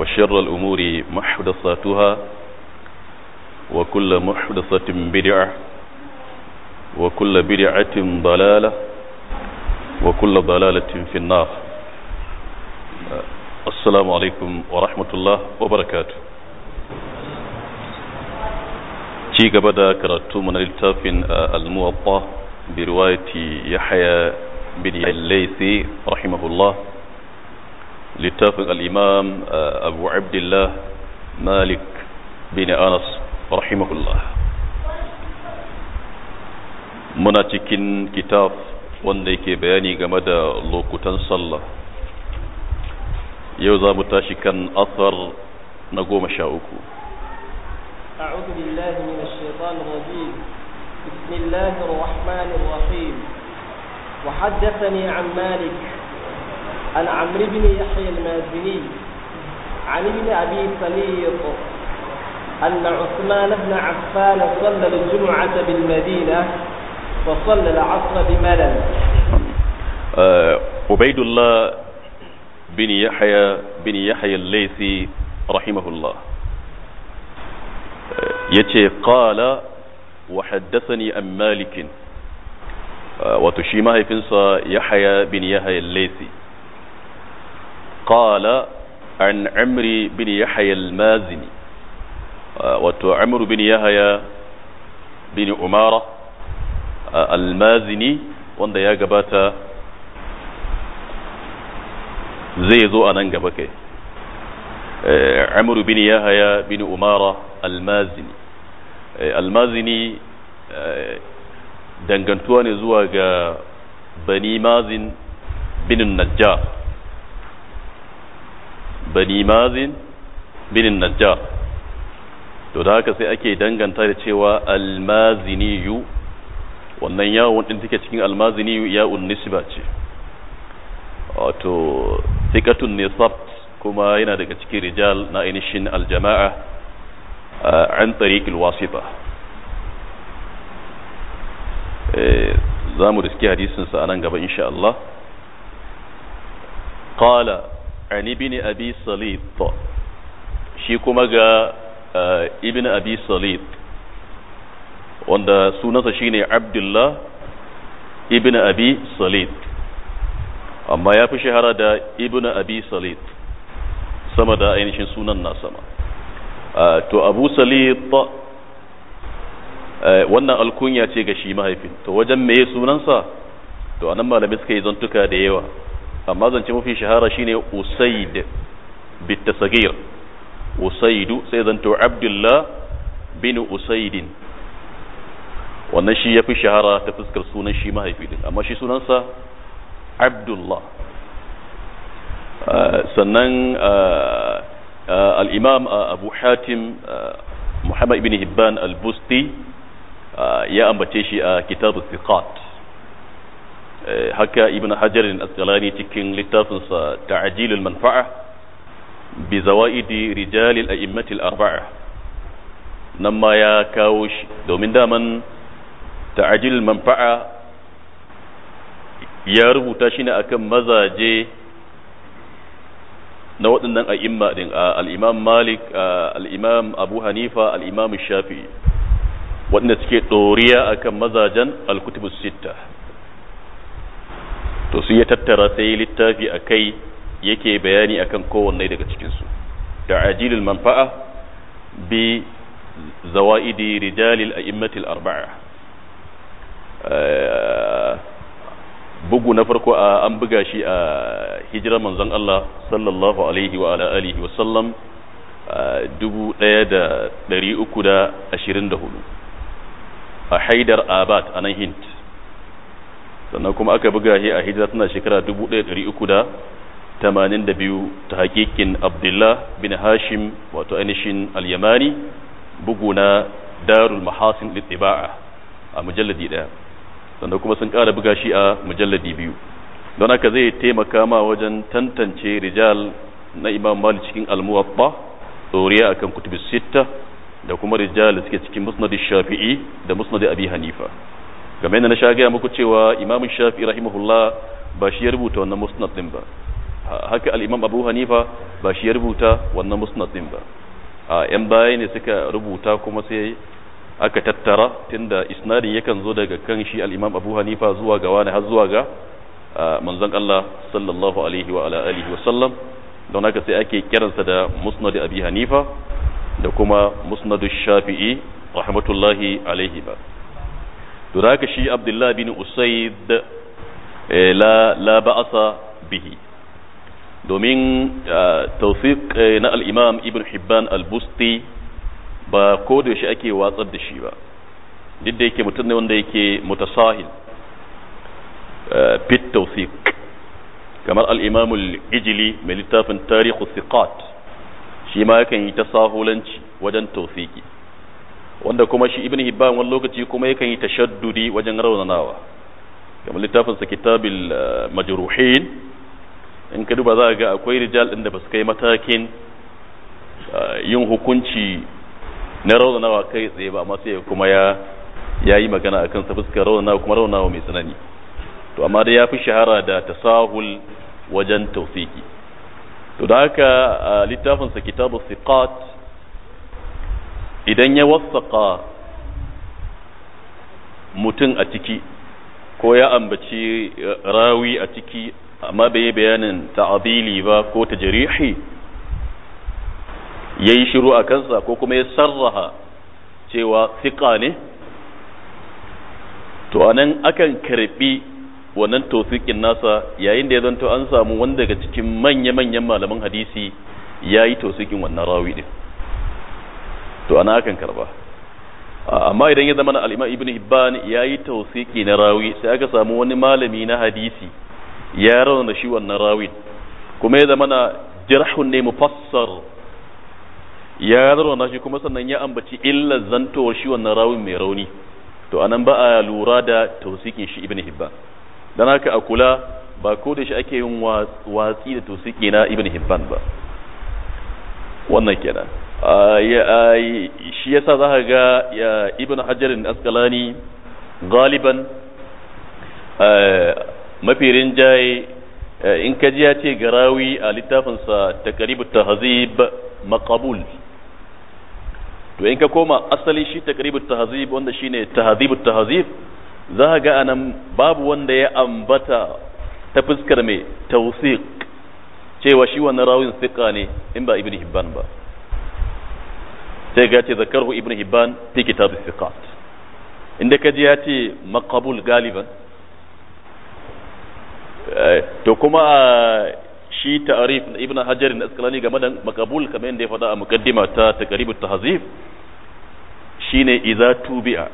وشر الأمور محدثاتها وكل محدثة بدعة وكل بدعة ضلالة وكل ضلالة في النار السلام عليكم ورحمة الله وبركاته تيجا بدا كراتو من التافن آه، الموطأ برواية يحيى بن الليثي رحمه الله للتافق الإمام آه، أبو عبد الله مالك بن أنس رحمه الله مناتكين كتاب وندي بياني غمدا لو كتن صلى يوزا متاشكا أثر نقوم شاوكو أعوذ بالله من الشيطان الرجيم بسم الله الرحمن الرحيم وحدثني عن مالك عن عمرو بن يحيى المازني عن ابن أبي سليط أن عثمان بن عفان صلى الجمعة بالمدينة وصلى العصر بملل آه، عبيد الله بن يحيى بن يحيى الليثي رحمه الله آه، يتي قال وحدثني عن مالك malik آه، في يحيى بن يحيى الليثي قال عن عمري بن يحيى المازني wato amru bin yahaya bin umara almazini wanda ya gabata zai zo a nan gaba kai amru bin yahaya bin umara almazini almazini dangantuwa ne zuwa ga bani mazin bin najjar bani mazin bin najjar to da haka sai ake danganta da cewa almaziniyu wannan yawon ɗin take cikin almaziniyu ya'un nisba ce wato sikatun nisabt kuma yana daga cikin rijal na ainihin aljama'a an tariqil wasita eh, za mu riski hadisinsa a nan gaba insha Allah qala an ibn abi salit shi kuma ga uh, ibn abi salit wanda sunansa shine abdullah ibn abi salit amma ya fi shahara da ibn abi salit sama da ainihin sunan na sama uh, to abu salit uh, wannan alkunya ce ga shi mahaifin to wajen meye sunansa to anan malamai suka yi zantuka da yawa amma zance mafi shahara shine usaid bitasagir usaid sai zanto abdullah bin usaid wannan shi yafi shahara ta fuskar sunan shi mahaifi din amma shi sunansa abdullah sannan al-imam abu hatim muhammad ibn hibban al-busti ya ambace shi a kitabu thiqat haka ibn hajar al-asqalani cikin littafinsa ta'jilul manfa'a bi zawaidi rijal al-a'immati al-arba'a nan ma ya kawo shi domin daman ta'jilul manfa'a ya rubuta shi ne akan mazaje na waɗannan a'imma din al-imam malik al-imam abu hanifa al-imam shafi'i waɗanda suke ɗoriya akan mazajen al-kutubus sittah to su ya tattara sai littafi a kai yake bayani akan kowanne daga cikinsu da ajilul manfa'a bi zawa'idi rijalil a'immatil arba'a eh, bugu na farko a an buga shi a hijirar manzon Allah sallallahu alaihi wa ala alihi wa sallam hudu a haidar abad a nan hint sannan kuma aka buga shi a hijira tana shekara tamanin biyu ta hakikin abdullah bin hashim wato ainihin al-yamani bugu na darul mahasin litiba'a a mujalladi daya sannan kuma sun kara buga shi a mujalladi biyu don haka zai taimaka ma wajen tantance rijal na imam malik cikin al-muwatta tsoriya akan kutubus sitta da kuma rijal suke cikin musnad shafi'i da musnad abi hanifa game da na sha gaya muku cewa imam shafi rahimahullah ba shi ya rubuta wannan musnad din ba haka al-imam abu hanifa ba shi ya rubuta wannan musnad din ba a yan baya ne suka rubuta kuma sai aka tattara tunda isnadin yakan zo daga kan shi al-imam abu hanifa zuwa ga wani har zuwa ga manzon Allah sallallahu alaihi wa ala alihi wa sallam don haka sai ake kiransa da musnad abi hanifa da kuma musnad shafi'i rahmatullahi alaihi ba to da shi abdullahi bin usaid eh, la la ba'asa bihi domin eh, tawfiq eh, na al'imam ibn hibban al-busti ba ko da shi ake watsar da shi ba duk da yake mutum ne wanda yake mutasahil fit tawfiq kamar al-imam mai littafin tarihu thiqat shi ma yakan yi tasahulanci wajen tawfiqi wanda kuma shi ibn hibban wani lokaci kuma yakan yi tashaddudi wajen raunanawa kamar littafinsa kitabil eh, majruhin in ka duba za ga akwai rijal din da ba su kai matakin eh, yin hukunci na raunanawa kai tsaye ba amma sai kuma ya yayi magana akan sa fuskar raunanawa kuma raunanawa mai tsanani to amma dai ya fi shahara da tasahul wajen tausiki to da haka eh, littafinsa kitabu siqat idan ya wasaka mutum a ciki ko ya ambaci eh, rawi a ciki amma bai yi bayanin ta'abili ba ko ta jarihi ya yi shiru a kansa ko kuma ya sarraha cewa fiƙa ne to anan akan karɓi wannan tosikin nasa yayin da ya zanto an samu wanda daga cikin manya-manyan malaman hadisi ya yi tosikin wannan rawi ɗin to ana akan karba amma idan ya zama na al'imam ibn hibban ya yi tausiki na rawi sai aka samu wani malami na hadisi ya rauna shi wannan rawin kuma ya zama na jirhun ne mufassar ya rauna shi kuma sannan ya ambaci illar zantowar shi wannan rawin mai rauni to anan ba a lura da tausikin shi ibn hibban dan haka a kula ba ko da shi ake yin watsi da tausiki na ibn hibban ba wannan kenan shi yasa za ka ga ibn hajarin askalani galiban mafi rinjaye in ka ji ya ce garawi a littafinsa ta karibu ta hazib makabul to in ka koma asali shi ta karibu ta hazib wanda shi ne ta hazibu ta hazib za ka ga anan babu wanda ya ambata ta fuskar mai tausik cewa shi wannan rawin siƙa ne in ba ibn hibban ba sai ga ce zakarhu ibn hibban fi kitab as-siqat inda kaji ya ce maqabul galiban eh, to kuma eh, shi ta'arif na ibn hajar na asqalani game da makabul kamar yadda ya faɗa a mukaddima ta taqribut tahzib shine idza tubi'a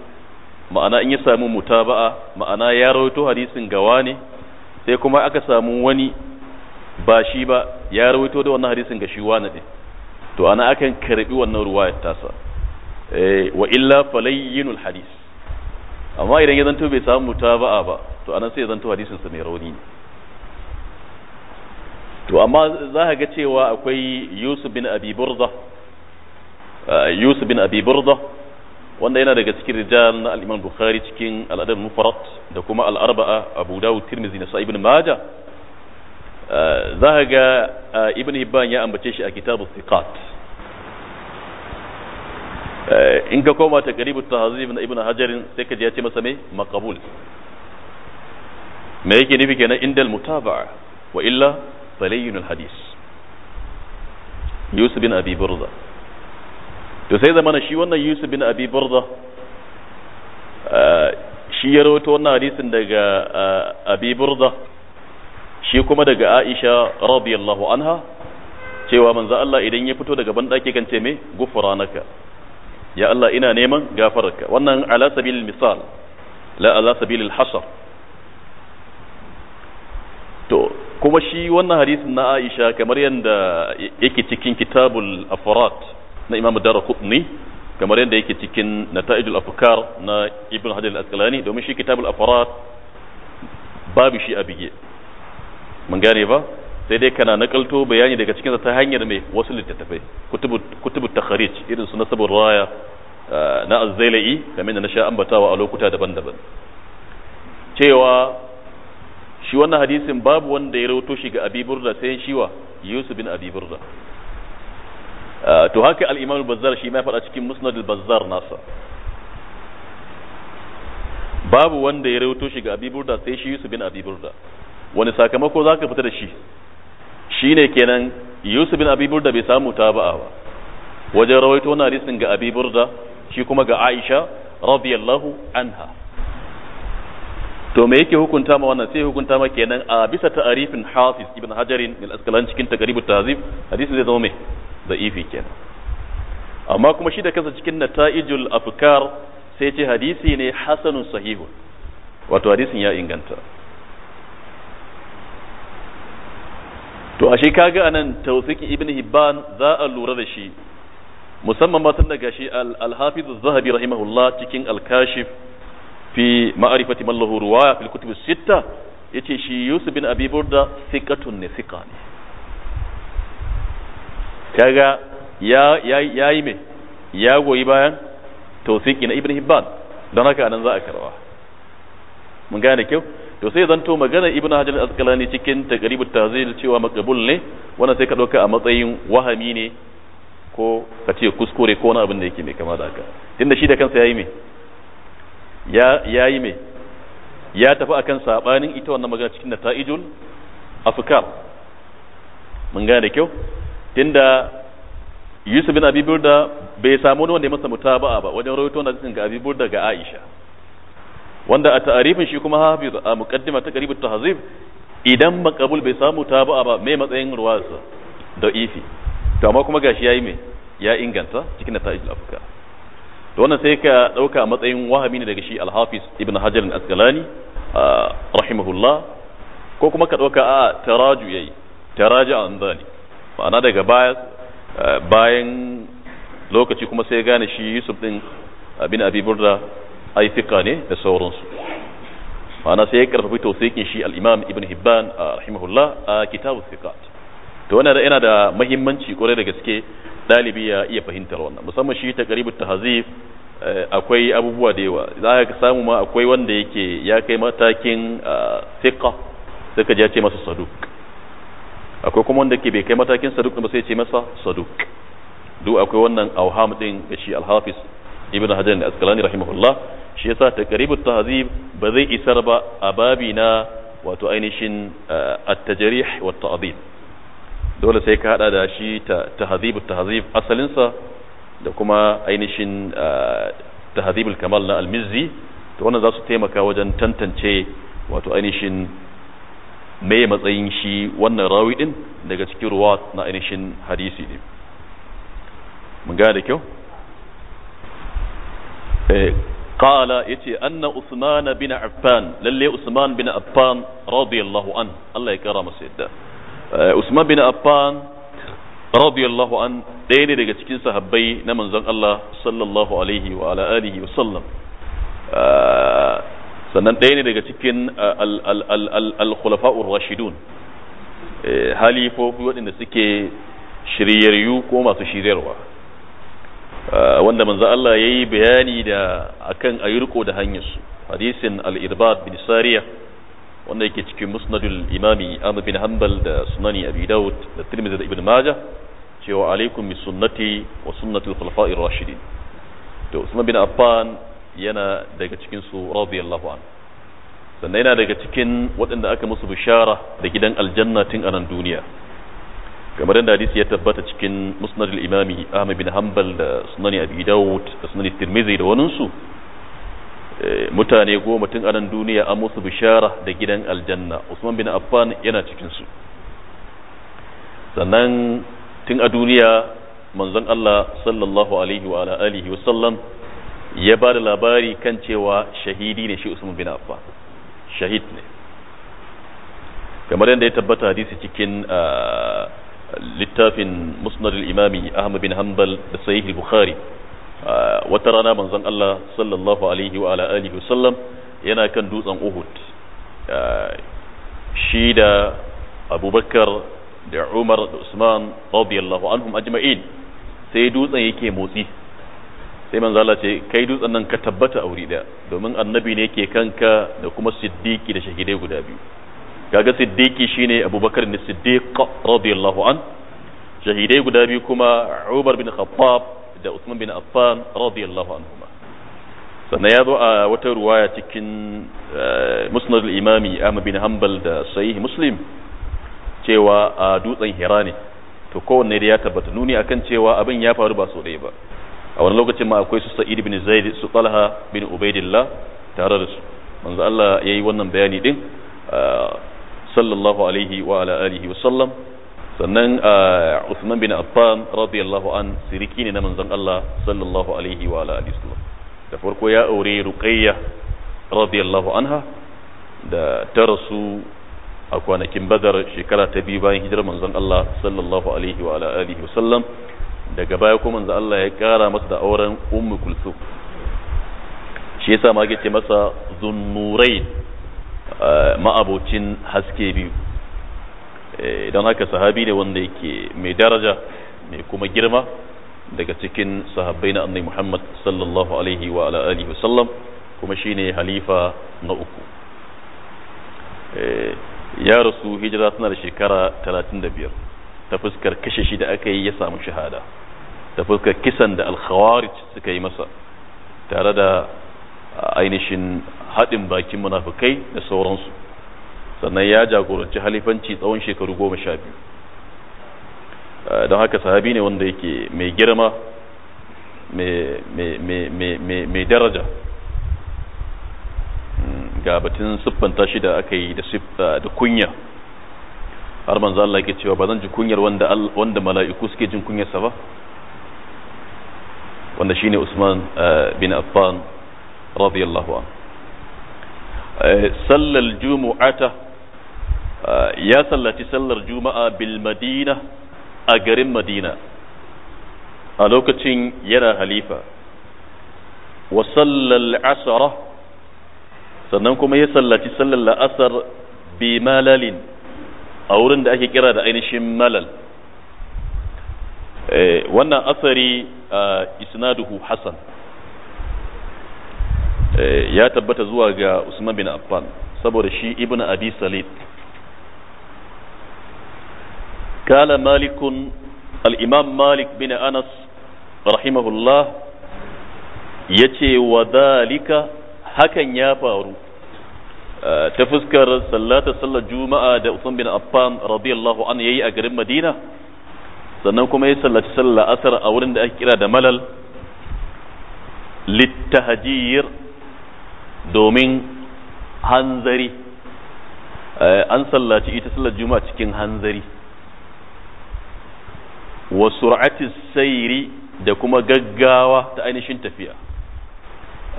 ma'ana in ya samu mutaba'a ma'ana ya rawaito hadisin gawa ne sai kuma aka samu wani ba shi ba ya rawaito da wannan hadisin ga shi wani ne to ana akan karbi wannan ruwayar tasa eh, wa illa falayyinul hadis amma idan ya zanto bai samu mutaba'a ba to anan sai ya zanto hadisin sa mai rauni to amma za ka ga cewa akwai Yusuf bin Abi Burda eh, Yusuf bin Abi Burda wanda yana daga cikin rijal na al-Imam Bukhari cikin al-Adab Mufrad da kuma al-Arba'a Abu Dawud Tirmidhi na Sa'ib bin Majah za ka ga ibn hibban ya ambace shi a kitabu siqat in ka koma ta garibu ta hazib na ibn hajarin sai ka ji ya ce masa mai makabul me yake nufi kenan indal mutaba'a wa illa falayyun hadis yusuf bin abi burda to sai zamana shi wannan yusuf bin abi burda shi ya rawaito wannan hadisin daga abi burda shi kuma daga Aisha radiyallahu anha cewa manzo Allah idan ya fito daga banɗaki kan ce me gufranaka ya Allah ina neman gafararka wannan ala sabilil misal la ala sabilil hasar to kuma shi wannan hadisin na Aisha kamar yadda yake cikin kitabul afrat na Imam Darqutni kamar yadda yake cikin nata'ijul afkar na Ibn Hajar al-Asqalani domin shi kitabul afrat babu shi a bige mun gane ba sai dai kana nakalto bayani daga cikin ta hanyar mai wasu littattafai kutubu takharij irin su nasabur raya eh, na azzailai kamar da na sha ambatawa a lokuta daban-daban cewa shi wannan hadisin babu wanda ya rawato shi ga abi burda sai shiwa yusuf bin abi burda eh, to haka al-imam al-bazzar shi ma faɗa cikin musnad al-bazzar nasa babu wanda ya rawato shi ga abi burda sai shi yusuf bin abi burda wani sakamako za ka fita da shi ne kenan yusuf bin abi burda bai samu taba'a ba wajen rawaito wannan hadisin ga abi burda shi kuma ga aisha radiyallahu anha to me yake hukunta ma wannan sai hukunta ma kenan a bisa ta'arifin hafiz ibn hajarin mil askalan cikin taqribut tahzib hadisin zai zama me za'ifi kenan amma kuma shi da kansa cikin nata'ijul afkar sai ce hadisi ne hasanun sahihun wato hadisin ya inganta to ashe kaga anan tausiki ibn hibban za a lura da shi musamman tun da gashi al-hafiz az-zahabi rahimahullah cikin al-kashif fi ma'rifati man lahu ruwaya fil kutub as yace shi yusuf bin abi burda thiqatun ne thiqa ne kaga ya yayi me ya goyi bayan tausiki na ibn hibban don haka anan za a karawa mun gane kyau to sai zan to magana ibnu hajar al-asqalani cikin taqribut tazil cewa maqbul ne wannan sai ka dauka a matsayin wahami ne ko ka ce kuskure ko wani abin da yake mai kama da haka tunda shi da kansa yayi me ya yayi me ya tafi akan sabanin ita wannan magana cikin ta'ijul afkar mun gane da kyau tunda Yusuf bin Abi Burda bai samu wani wanda ya masa mutaba'a ba wajen rawaito na cikin ga Abi Burda ga Aisha wanda a ta'arifin shi kuma hafiz a muqaddima ta qaribut tahzib idan makabul bai samu tabi'a ba mai matsayin ruwasa da ifi to amma kuma gashi yayi me ya inganta cikin nata'ijul afka to wannan sai ka dauka a matsayin wahabi ne daga shi al-hafiz ibn hajar al-asqalani rahimahullah ko kuma ka dauka a taraju yayi taraja an zani ma'ana daga baya bayan lokaci kuma sai gane shi yusuf din abin abi burda ai ne da sauransu ma'ana sai ya karfafi tausikin shi Al'imam imam ibn hibban rahimahullah a kitabu thiqat to wannan yana da mahimmanci kwarai da gaske dalibi ya iya fahimtar wannan musamman shi ta qaribut tahzib akwai abubuwa da yawa za ka samu ma akwai wanda yake ya kai matakin thiqa sai ka ji ce masa saduk akwai kuma wanda ke bai kai matakin saduk ba sai ya ce masa saduk duk akwai wannan auham din ga shi al ibn hajar da askalani rahimahullah shi yasa taqribut tahzib ba zai isar ba a babi na wato ainihin eh, at-tajrih wa ta'dil dole sai ka hada da shi tahzibut tahzib asalin sa da kuma ainihin eh, tahzibul kamal na al-mizzi to wannan za su taimaka wajen tantance wato ainihin me matsayin shi wannan rawi din daga cikin ruwa na ainihin hadisi ne mun ga da kyau Eh, ya ce anna usman bin affan lalle usman bin affan radiyallahu an Allah ya kara masa yadda eh, usman bin affan radiyallahu an ɗaya ne daga cikin sahabbai na manzon Allah sallallahu alaihi wa ala alihi wa eh, sannan ɗaya ne daga cikin al urashidun hali halifofi waɗanda suke shiryayyu ko masu shiryarwa wanda manzo Allah yayi bayani da akan ayurko da hanyar su hadisin al-irbad bin sariya wanda yake cikin musnadul imami Ahmad bin Hanbal da sunani Abi Dawud da Tirmidhi da Ibn Majah cewa alaikum bi sunnati wa sunnati al-khulafa'ir rashidin to Usman bin Affan yana daga cikin su radiyallahu anhu sannan yana daga cikin waɗanda aka musu bishara da gidan aljanna tun a nan duniya kamar yadda hadisi ya tabbata cikin musnad al-imami Ahmad bin Hanbal da sunani Abi Dawud da sunani Tirmidhi da wani su eh, mutane goma tun anan duniya an musu bishara da gidan aljanna Usman bin Affan yana cikin su sannan tun a duniya manzon Allah sallallahu alaihi wa ala alihi wa sallam ya ba da labari kan cewa shahidi ne shi Usman bin Affan shahid ne kamar yadda ya tabbata hadisi cikin ah, littafin musnad imami ahmad bin hanbal da sahih bukhari ah, wata rana manzon Allah sallallahu alaihi wa ala alihi wasallam yana kan dutsen Uhud ah, shi da Abubakar da Umar da Usman radiyallahu anhum ajma'in sai dutsen yake motsi sai manzo Allah ce kai dutsen nan ka tabbata a wuri daya domin annabi ne yake kanka da kuma siddiqi da shahidai guda biyu kaga siddiqi shine abubakar ne siddiq radiyallahu an shahidai guda biyu kuma umar bin khattab da usman bin affan radiyallahu anhuma sannan ya zo a wata ruwaya cikin eh, musnad al-imami ahmad bin hanbal da sahih muslim cewa a dutsen hira ne to kowanne da ya tabbata nuni akan cewa abin ya faru ba su ba a wani lokacin ma akwai su sa'id bin zaid su talha bin ubaidillah tare da su manzo Allah yayi wannan bayani din eh, sallallahu alaihi wa ala alihi wa sallam sannan uh, Uthman bin Affan radiyallahu an siriki ne na manzon Allah sallallahu alaihi wa ala alihi da farko ya aure Ruqayya radiyallahu anha da ta rasu a kwanakin Badar shekara ta biyu bayan hijirar manzon Allah sallallahu alaihi wa ala alihi wasallam daga baya kuma manzon Allah ya kara masa da auren Ummu Kulthum shi yasa ma yake masa Zunnurain Eh, ma'abocin haske biyu eh, don haka sahabi ne wanda yake mai daraja mai kuma girma daga cikin sahabbai na annai muhammad sallallahu alaihi wa alihi wasallam kuma shine halifa na uku eh, ya rasu hijira tana da shekara 35 ta fuskar kashe shi da aka yi ya samu shahada ta fuskar kisan da alkhawarij suka yi masa tare da ainihin haɗin bakin munafukai da sauransu sannan ya jagoranci halifanci tsawon shekaru goma sha biyu eh, don haka sahabi ne wanda yake mai girma mai daraja hmm, ga batun siffanta shi da aka yi da kunya har manzo Allah yake cewa ba zan ji kunyar wanda wanda mala'iku suke jin kunyarsa ba wanda shine Usman eh, bin Affan radiyallahu anhu eh, sallal jumu'ata eh, ya sallaci sallar juma'a bil madina a garin madina a lokacin yana halifa wa sallal asara sannan kuma ya sallaci sallar la'asar bi malalin a wurin da ake kira da ainihin malal eh, wannan asari isnaduhu hasan Eh, ya tabbata zuwa ga Usman bin Affan saboda shi ibn Abi Salid kala malikun al'imam Malik bin Anas rahimahullah ce wa dalika hakan ya faru eh, ta fuskar sallata sallar juma'a da Usman bin Affan radiyallahu ya yayi a garin Madina sannan kuma ya sallaci sallar asar a wurin da ake kira da malal littahajir domin hanzari eh, an sallaci ita sallar juma'a cikin hanzari wa sur'ati sayri da kuma gaggawa ta ainihin tafiya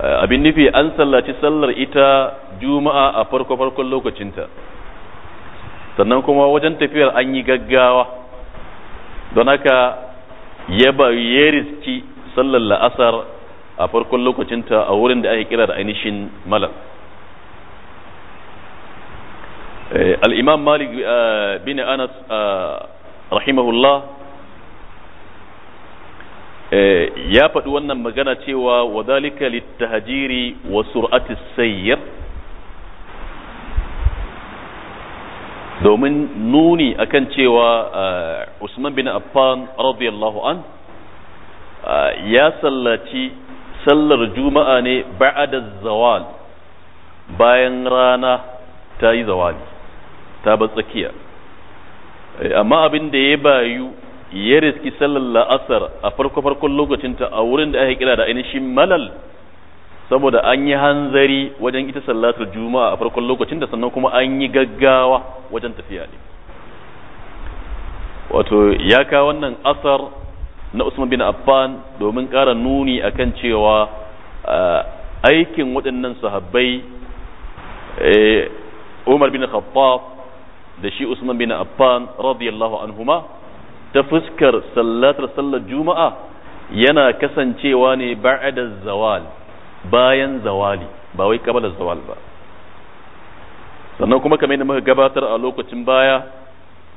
eh, abin nufi an sallaci sallar ita juma'a a farko farkon lokacinta sannan kuma wajen tafiyar an yi gaggawa don haka ya sallar la'asar a farkon lokacinta a wurin da ake kira da ainihin malal eh, al'imam malik eh, bin anas eh, rahimahullah ya faɗi wannan magana cewa wa dalika littahajiri wa sur'ati sayyar domin nuni akan cewa usman bin affan radiyallahu an ya sallaci sallar juma'a ne ba'adar zawal bayan rana ta yi zawali ta ba tsakiya eh, amma abin da ya bayu ya riski sallar la'asar a farko farkon lokacinta a wurin da ake kira da ainihin malal saboda an yi hanzari wajen ita sallatar juma'a a farkon lokacin sannan kuma an yi gaggawa wajen tafiya ne wato ya kawo wannan asar na Usman bin Affan domin ƙara nuni akan cewa eh, aikin waɗannan sahabbai eh, Umar bin Khattab da shi Usman bin Affan radiyallahu anhuma ta fuskar sallatar sallar juma'a yana kasancewa ne ba'da zawal bayan zawali ba wai kabala zawal ba sannan kuma kamar yadda muka gabatar a lokacin baya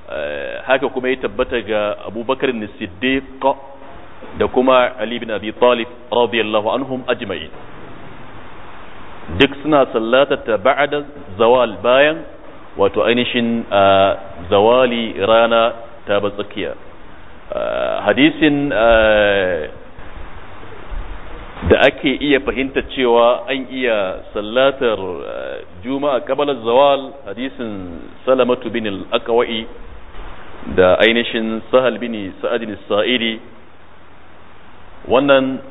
Eh, haka kuma ya tabbata ga abubakar siddiq da kuma ali bin abi talib radiyallahu anhum ajma'in duk suna sallata ta ba'da zawal bayan wato ainihin eh, zawali rana ta batsakiya eh, hadisin da ake iya fahimta cewa an iya sallatar juma'a kabalar zawal hadisin salamatu bin al-akawai da ainihin sahal bin sa'adin sa'idi wannan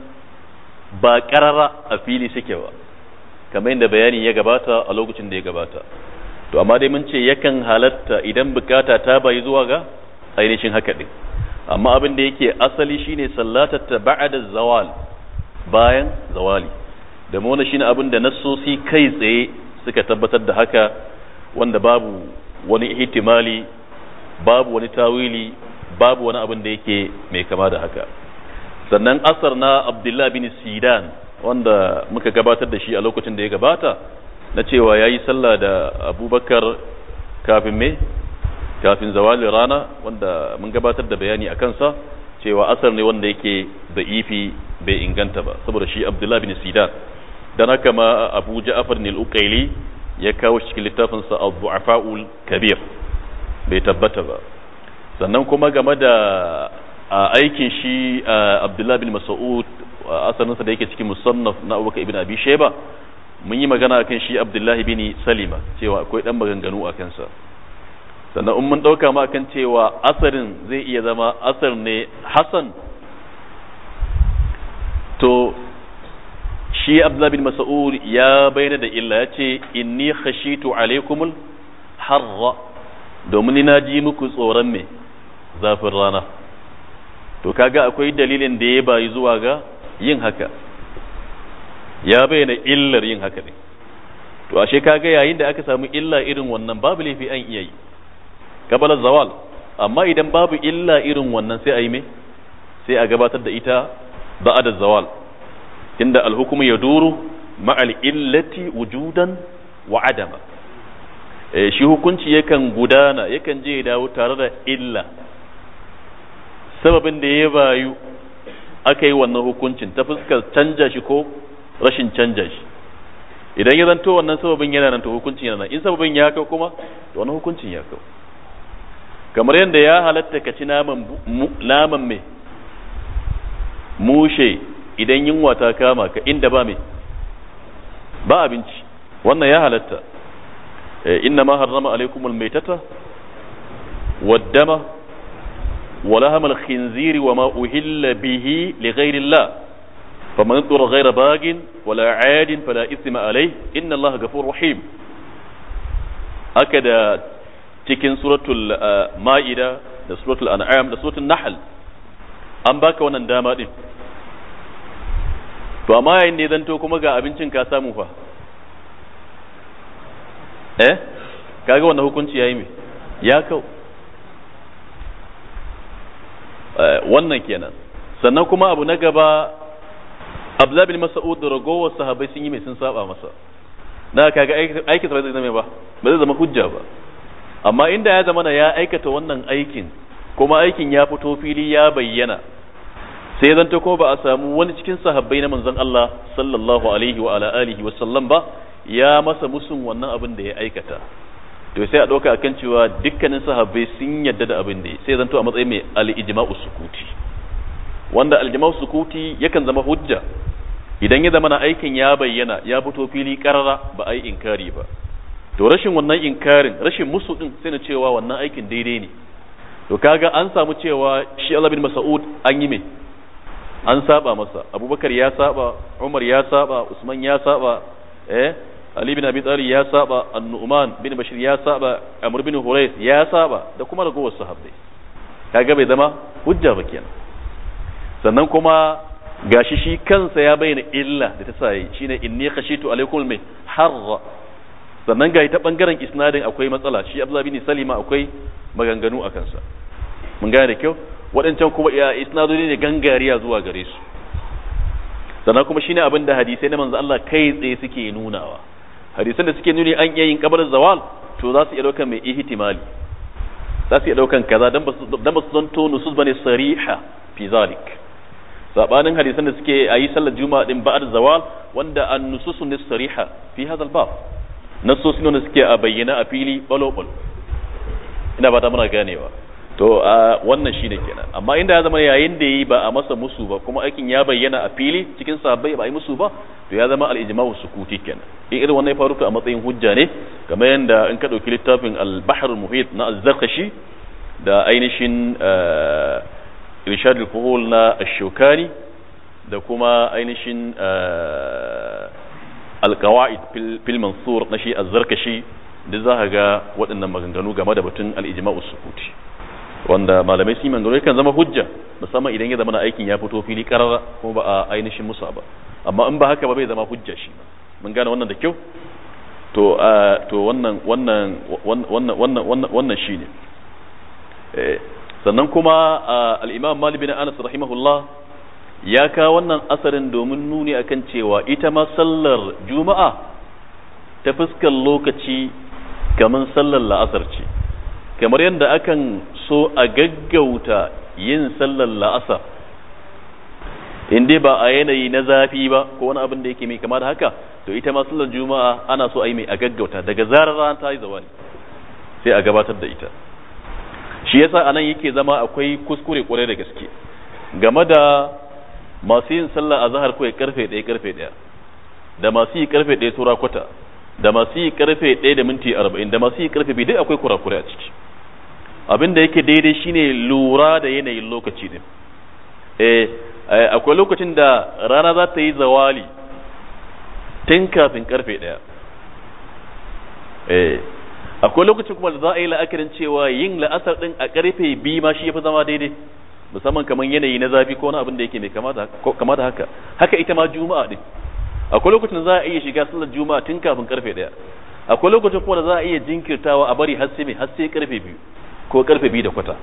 ba karara a fili suke ba kamar yadda bayani ya gabata a lokacin da ya gabata to amma dai mun ce yakan halatta idan bukata ta bayi zuwa ga ainihin haka din amma abin da yake asali shine sallatar ta ba'da zawal bayan zawali da mona shine abin da nassosi kai tsaye suka tabbatar da haka wanda babu wani ihtimali babu wani tawili babu wani abin da yake mai kama da haka sannan asar na abdullahi bin sidan wanda muka gabatar da shi a lokacin da ya gabata na cewa ya yi sallah da abubakar kafin me kafin zawalin rana wanda mun gabatar da bayani a kansa cewa asar ne wanda yake da ifi bai inganta ba saboda shi abdullahi bin sidan dan haka ma abu ja'far ne ya kawo cikin littafinsa al kabir bai tabbata ba sannan kuma game da aikin shi abdullahi bin mas'ud asalinsa da yake cikin musannaf na abubakar ibn abi sheba mun yi magana akan shi abdullahi bin salima cewa akwai dan maganganu a kansa sannan in mun dauka ma kan cewa asarin zai iya zama asar ne hasan to shi abdullahi bin mas'ud ya bayyana da illa ya ce inni khashitu alaikumul harra domin na ji muku tsoron me zafin rana to kaga akwai dalilin da ya bayi zuwa ga yin haka ya bayyana illar yin haka ne to ashe kaga yayin da aka samu illa irin wannan babu laifi an iya yi kabalar zawal amma idan babu illa irin wannan sai a yi me sai a gabatar da ita da zawal inda alhukumu ya duru ma'al illati wujudan wa adama Eh, shi hukunci yakan gudana yakan je ya dawo tare da illa sababin da ya bayu aka yi wannan hukuncin ta fuskar canja shi ko rashin canja shi idan ya zanto wannan sababin yana nan to hukuncin yana nan in sababin ya kau kuma to wannan hukuncin ya kau kamar yadda ya halatta ka ci naman mai mushe idan yunwa ta kama ka inda ba mai ba abinci wannan ya halatta Eh, inna ma harrama alaikum almaitata waddama wa lahama alkhinziri wa ma uhilla bihi li ghayri Allah faman dhura ghayra bagin wala adin fala ithma alayh inna Allah ghafurur rahim haka da cikin suratul eh, ma'ida da suratul an'am da suratul nahl an baka wannan dama din to amma yayin da zanto kuma ga abincin ka samu fa eh kaga wannan hukunci yayi me ya kau eh, wannan kenan sannan kuma abu na gaba abdullahi bin mas'ud da ragowar sahabbai sun yi mai sun saba masa na kaga aikin ba zai zama ba ba zai zama hujja ba amma inda ya zama ya aikata wannan aikin kuma aikin ya fito fili ya bayyana sai zan ta ko ba a samu wani cikin sahabbai na manzon Allah sallallahu alaihi wa ala alihi wa sallam ba ya masa musun wannan abin da ya aikata to sai a ɗauka akan cewa dukkanin sahabbai sun yadda da abin da sai zanto a matsayin mai al-ijma'u sukuti wanda al-ijma'u sukuti yakan zama hujja idan ya zama na aikin ya bayyana ya fito fili karara ba a yi inkari ba to rashin wannan inkarin rashin musu din sai na cewa wannan aikin daidai ne to kaga an samu cewa shi Allah bin Mas'ud an yi me an saba masa Abubakar ya saba Umar ya saba Usman ya saba eh Ali bin Abi Tsari ya saba An-Nu'man bin Bashir ya saba Amr bin Hurais ya saba da kuma ragowar sahabbai kaga bai zama hujja ba kenan sannan kuma gashi shi kansa ya bayyana illa da ta sayi shine inni khashitu alaykum mai harra sannan ga ta bangaren isnadin akwai matsala shi Abdullah bin Salima akwai maganganu a kansa mun gane da kyau waɗancan kuma isnadoni ne gangariya zuwa gare su sannan kuma shine abin da hadisai na manzo Allah kai tsaye suke nunawa hadisan da suke nuni an iya yin kabarin zawal to za su iya daukan mai ihtimali za su iya daukan kaza dan ba su zanto nusus bane sariha fi zalik sabanin hadisan da suke ayi sallar juma'a din ba'd zawal wanda an nususu ne sariha fi hadha bab nasosi ne suke a bayyana a fili balo ina ba ta muna ganewa to a wannan shi ne kenan amma inda ya zama yayin da yi ba a masa musu ba kuma aikin ya bayyana a fili cikin sabai ba a yi musu ba to ya zama al-ijma'u sukuti kenan in irin wannan ya a matsayin hujja ne kamar yanda in ka dauki littafin al-bahr muhit na az zarkashi da ainihin irshad al na ash-shukani da kuma ainihin al-qawaid fil mansur na shi az zarkashi da za ga waɗannan maganganu game da batun al-ijma'u sukuti wanda malamai sun yi kan zama hujja musamman idan ya zama na aikin ya fito fili karara kuma ba a ainihin musa ba amma in ba haka ba bai zama hujja shi ba mun gane wannan da kyau to to wannan wannan wannan wannan wannan shine eh, sannan kuma al-Imam Malik bin Anas rahimahullah ya ka wannan asarin domin nuni akan cewa ita ma sallar juma'a ta fuskar lokaci kamar sallar la'asar ce kamar yadda akan so a gaggauta yin sallar la'asar inda ba a yanayi na zafi ba ko wani abin da yake mai kama da haka to ita ma sallar juma'a ana so a yi mai a gaggauta daga zarar rana ta yi zawani sai a gabatar da ita shi yasa anan yake zama akwai kuskure kwarai da gaske game da masu yin sallah a zahar kawai karfe ɗaya karfe ɗaya da masu yi karfe ɗaya tura kwata da masu yi karfe 1 da minti 40 da masu yi karfe 2 duk akwai kurakurai a ciki abin da yake daidai shine lura da yanayin lokaci din eh, eh akwai lokacin da rana za ta yi zawali tun kafin karfe 1 eh akwai lokacin kuma da za a yi la'akarin cewa yin la'asar din a karfe 2 ma shi yafi zama daidai musamman kamar yanayi na zafi ko wani abin da yake mai kama da haka haka ita ma juma'a din akwai lokacin za a iya shiga sallar juma'a tun kafin karfe daya akwai lokacin kuma da za a iya jinkirtawa a bari har sai mai har sai karfe biyu ko karfe biyu da kwata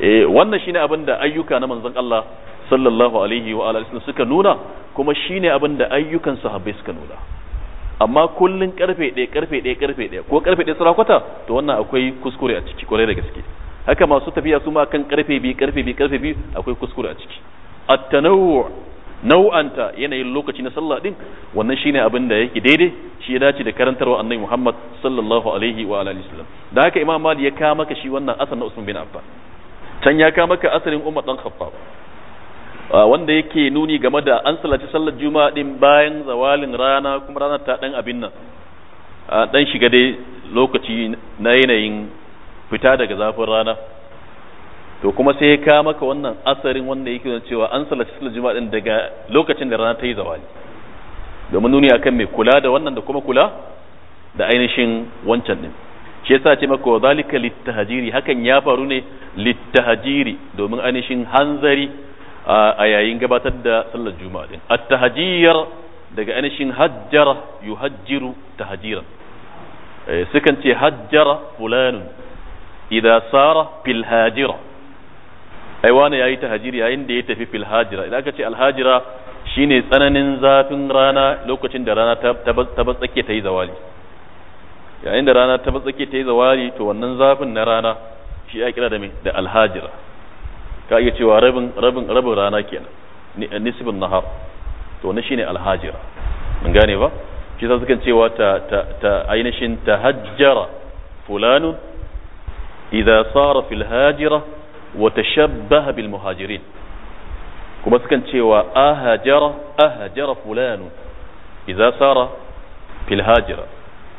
eh wannan shine abin da ayyuka na manzon Allah sallallahu alaihi wa alihi suka nuna kuma shine abin da ayyukan sahabbai suka nuna amma kullun karfe ɗaya karfe ɗaya karfe ɗaya ko karfe ɗaya sarakwata to wannan akwai kuskure a ciki kwarai da gaske haka masu tafiya su ma kan karfe biyu karfe biyu karfe biyu akwai kuskure a ciki at-tanawwu nau'anta yanayin lokaci na sallah din wannan shine abin da yake daidai shi ya dace da karantarwa annabi Muhammad sallallahu alaihi wa alihi wasallam da haka Imam Malik ya ka maka shi wannan asar na Usman bin Affan can ya ka maka asarin Umar dan Khattab wanda yake nuni game da an sallaci sallar juma'a din bayan zawalin rana kuma rana ta dan abin nan dan shiga dai lokaci na yanayin fita daga zafin rana to kuma sai ya kawo maka wannan asarin wanda yake nuna cewa an salaci sallar juma'a din daga lokacin da rana ta yi zawali domin nuni akan mai kula da wannan da kuma kula da ainihin wancan din shi yasa ce maka zalika littahajiri hakan ya faru ne littahajiri domin ainihin hanzari a yayin gabatar da sallar juma'a din at-tahajiyar daga ainihin hajjara yuhajjiru tahjiran eh, sukan ce hajjara fulanun idan sara fil hajira ai wani yayi tahajiri yayin da ya tafi fil hajira idan aka ce al hajira shine tsananin zafin rana lokacin da rana ta batsake ta yi zawali yayin da rana ta batsake ta yi zawali to wannan zafin na rana shi ya kira da me da al hajira ka iya cewa rabin rabin rabin rana kenan nisbin nahar to na shine al hajira mun gane ba shi sa sukan cewa ta ta ta ainihin tahajjara fulanun idza sara fil hajira Wata shabbaha bil muhajirin kuma sukan cewa ahajara ahajara fulanu idza sara fil hajira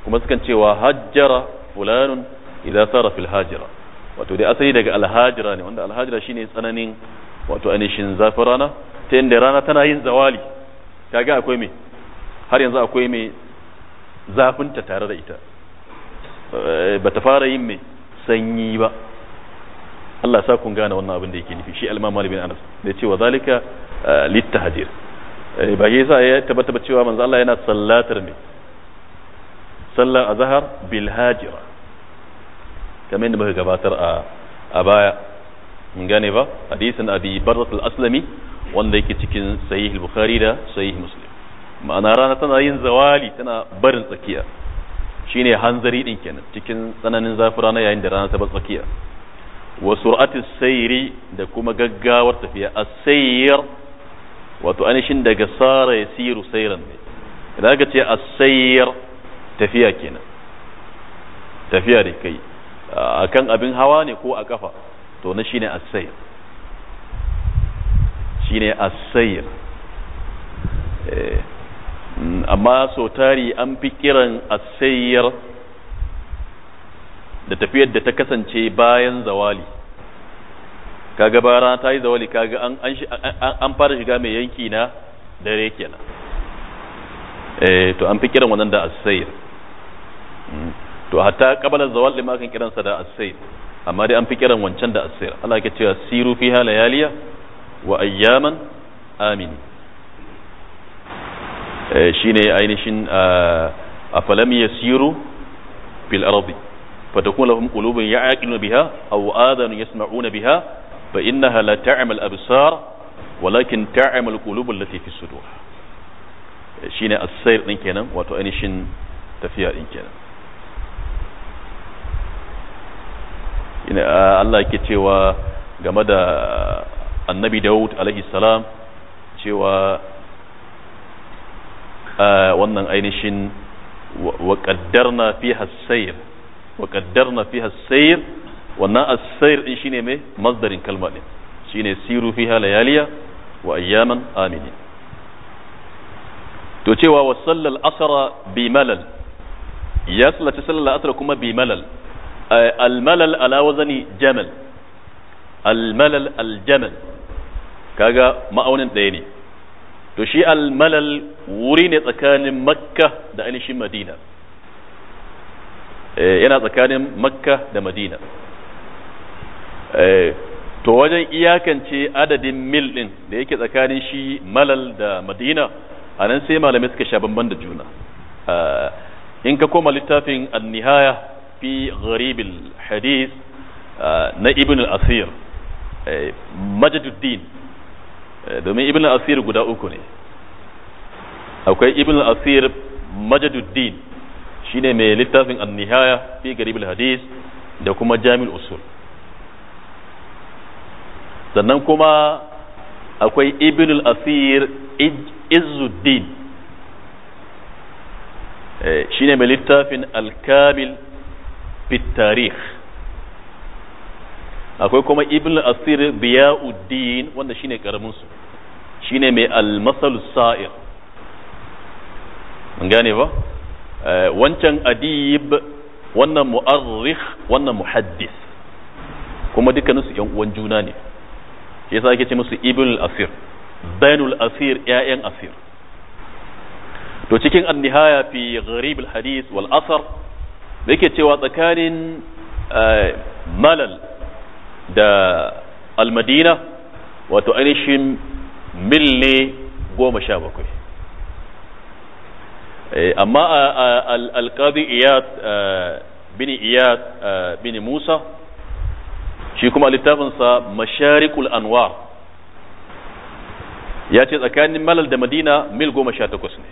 kuma sukan cewa hajjara fulanun idza sara fil hajira wato dai asali daga alhajira ne wanda alhajira shine tsananin wato anishin zafin rana ta yadda rana tana yin zawali ta kaga akwai me har yanzu akwai me zafinta tare da ita eh, ba ta fara yin me sanyi ba Allah sa kun gane wannan abin da yake nufi shi al-Imam Malik bin Anas da ya ce wa zalika eh, littahajir eh, ba sa ya tabbata ba cewa manzo Allah yana sallatar ne sallar azhar bil hajira kamar yadda muka gabatar a a baya mun gane ba hadisin abi barrat al-aslami wanda yake cikin sahih al-bukhari da sahih muslim ma'ana rana tana yin zawali tana barin tsakiya shine hanzari din kenan cikin tsananin zafi rana yayin da rana ta bar tsakiya wa sur'ati sayri da kuma gaggawar tafiya as-sayr wato anishin daga sara yasiru sayran ne idan ka ce as-sayr tafiya kenan tafiya da kai akan abin hawa ne ko a kafa to na shine as-sayr shine as-sayr eh, mm, amma sotari an fi kiran as-sayr da tafiyar da ta kasance bayan zawali kaga bara ta yi zawali kaga an an fara shiga mai yanki na dare kenan eh to an fi kiran wannan da as-sayr mm. to hatta qabala zawal ma kan kiransa da as-sayr amma dai an fi kiran wancan da as-sayr Allah yake cewa siru fiha layaliya wa ayyaman amin eh shine ainihin ah, falam yasiru fil ardi فتكون لهم قلوب يعقلون بها أو آذان يسمعون بها فإنها لا تعمل الأبصار ولكن تعمل القلوب التي في الصدور shine as-sayr kenan wato ainihin tafiya din kenan ina ah, Allah yake cewa game da annabi Dawud alaihi salam cewa ah, wannan ainihin wa ƙaddar na as-sayr wa qaddarna fiha sayr wannan as-sayr din shine me masdarin kalma din shine siru fiha layaliya wa ayyaman amini to cewa wa sallal asra bi malal ya sallaci sallal asra kuma bi malal al malal ala wazani jamal al malal al jamal kaga ma'aunin ɗaya ne to shi al malal wuri ne tsakanin makka da ainihin madina Eh, yana tsakanin makka da madina eh, to wajen iyakance adadin mil din da yake tsakanin shi malal da madina a nan sai malamai suka sha bamban da juna eh, in ka koma littafin annihaya fi gharibin hadis na ibn al-asir majaduddin domin ibn al-asir guda uku ne akwai ibn al-asir majaduddin shine mai littafin an-nihaya fi garibul hadis da kuma jami'ul usul sannan kuma akwai ibnul asir izzuddin eh, shine mai littafin al-kamil fi akwai kuma ibn asir biyauddin wanda shine karamin su shine mai al-masal sa'ir mun gane ba Eh, wancan adib wannan mu'arrikh wannan muhaddis kuma dukkaninsu yan uwan juna ne shi yasa ake ce musu ibn al-asir bainul asir ƴaƴan asir to cikin an-nihaya fi gharib al-hadith wal asar yake cewa tsakanin eh, malal da al-madina wato ainihin mil goma sha bakwai Eh, amma alqadi iyad eh, bin iyad eh, bin musa shi kuma littafinsa masharikul anwar ya ce tsakanin malal da madina mil goma sha takwas ne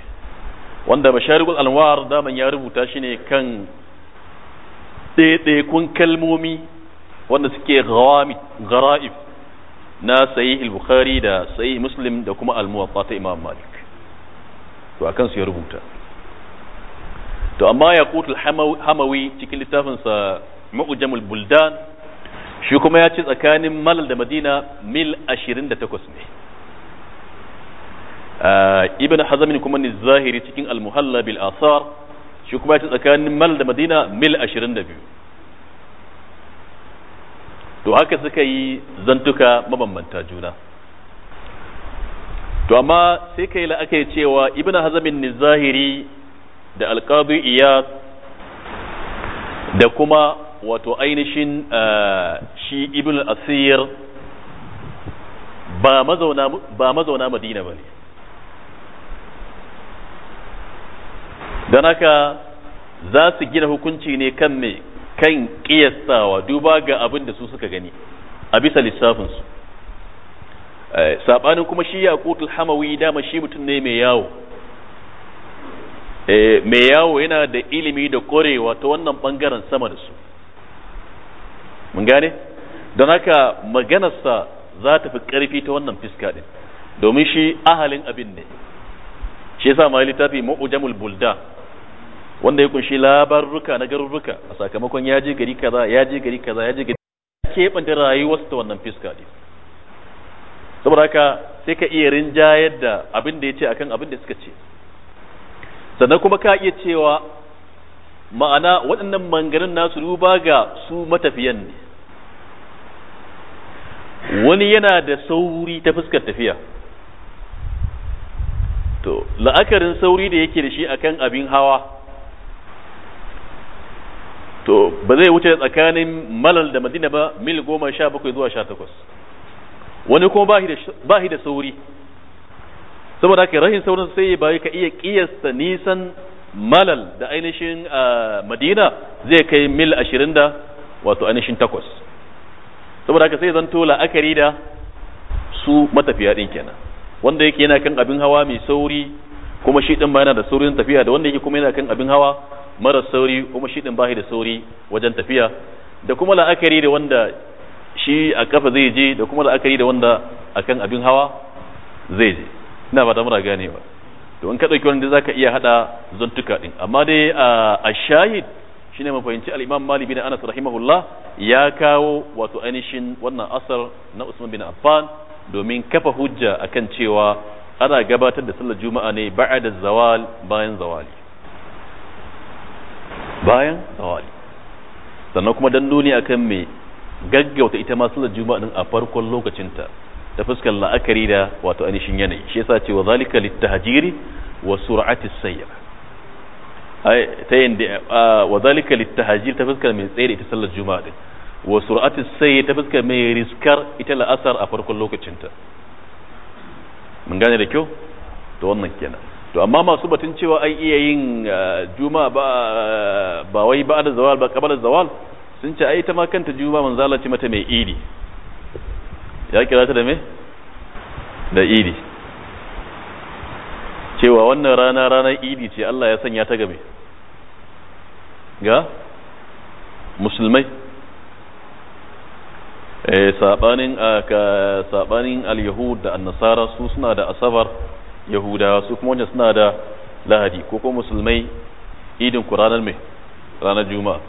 wanda masharikul anwar daman ya rubuta shi ne kan ɗaiɗaikun kalmomi wanda suke gara'if na sayi bukhari da sayi muslim da kuma al ta imam malik to akan su ya rubuta to amma ya yaqutul hamawi cikin littafinsa sa mu'jamul buldan shi kuma ya ce tsakanin malal da madina mil 28 ne ah, ibn hazamin kuma ni zahiri cikin almuhalla bil asar shi kuma ya ce tsakanin malal da madina mil 22 to haka suka yi zantuka mabambanta juna to amma sai kai la'aka cewa ibn hazamin ni zahiri da alkazi iya da kuma wato ainihin uh, shi ibn asir ba mazauna madina ba ne don haka za su gina hukunci ne kan me kan ƙiyastawa duba ga abin da su suka gani a bisa lissafinsu eh, saɓanin kuma shi ya hamawi dama shi mutum ne mai yawo Eh, mai yawo yana da ilimi da ƙwarewa ta wannan bangaren sama da su mun gane don haka maganarsa za ta fi ƙarfi ta wannan fiska ɗin domin shi ahalin abin ne shi yasa ma littafi mu'jamul bulda wanda ya kunshi labarruka na garuruka a sakamakon ya je gari kaza ya je gari kaza ya je gari keɓanta rayuwarsa ta wannan fiska ɗin saboda haka sai ka iya rinjayar da abin da ya ce akan abin da suka ce sannan kuma ka iya cewa ma'ana waɗannan manganin nasu duba ga su matafiyan ne wani yana da sauri ta fuskar tafiya to la'akarin sauri da yake da shi a kan abin hawa to ba zai wuce tsakanin malal da madina ba mil goma sha bakwai zuwa sha takwas wani kuma ba shi da sauri saboda haka rahin saurin sai ba ka iya kiyasta nisan malal da ainihin ah, madina zai kai mil ashirin da wato ainihin takwas saboda ka sai zan tola la'akari da su matafiya din kenan wanda yake yana kan abin hawa mai sauri kuma shi din ba yana da saurin tafiya da wanda yake kuma yana kan abin hawa mara sauri kuma shi din bashi da sauri wajen tafiya da kuma la'akari da wanda shi a kafa zai je da kuma la'akari da wanda akan abin hawa zai je ina ba da mura ganewa to in ka dauki wanda zaka iya hada zantuka din amma dai a shahid shine mafahimci al-Imam Malik bin Anas rahimahullah ya kawo wato ainihin wannan asar na Usman bin Affan domin kafa hujja akan cewa ana gabatar da sallar juma'a ne ba'da zawal bayan zawali bayan zawali sannan kuma dan duniya akan me gaggauta ita ma sallar juma'a din a farkon lokacinta da fuskar la'akari da wato anishin yanayi shi yasa ce wa zalika litahjiri wa sur'ati sayr ai ta yanda wa zalika litahjiri ta fuskar mai tsere ita sallar juma'a din wa sur'ati sayr ta fuskar mai riskar ita la'asar a farkon lokacin ta mun gane da kyau to wannan kenan to amma masu batun cewa ai iya yin juma'a ba ba wai ba da zawal ba kabala zawal sun ce ai ta ma kanta juma'a manzala ce mata mai idi ya kira ta da me da idi cewa wannan rana ranar idi ce Allah ya sanya ta game ga musulmai eh, sabanin ah, ka al da annasara su suna da asabar yahudawa su kuma wannan suna da lahadi ko kuma musulmai idin ku ranar ranar juma'a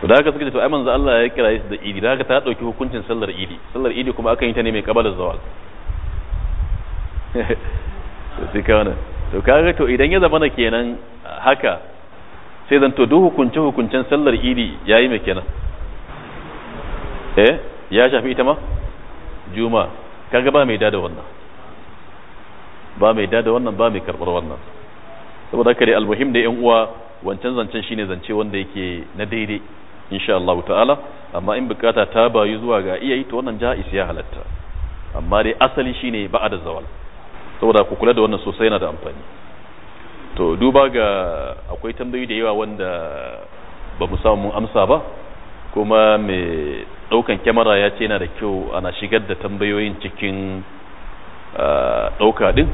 to da haka suke to ai manzo Allah ya kira shi da idi da haka ta dauki hukuncin sallar idi sallar idi kuma akan yi ta ne mai kabala zawal to sai kana to kaga to idan ya zama kenan haka sai zan to duk hukuncin hukuncin sallar idi yayi mai kenan eh ya shafi ita ma juma kaga ba mai dada wannan ba mai dada wannan ba mai karbar wannan saboda haka dai almuhim da yan uwa wancan zancen shine zance wanda yake na daidai insha Allah ta'ala amma in bukata ta bayu zuwa ga iya yi to wannan ja'is ya halatta amma dai asali shine ba da zawal saboda ku kula da wannan sosai yana da amfani to duba ga akwai tambayoyi da yawa wanda ba mu samu amsa ba kuma mai daukan kyamara ya ce yana da kyau ana shigar da tambayoyin cikin dauka ah, din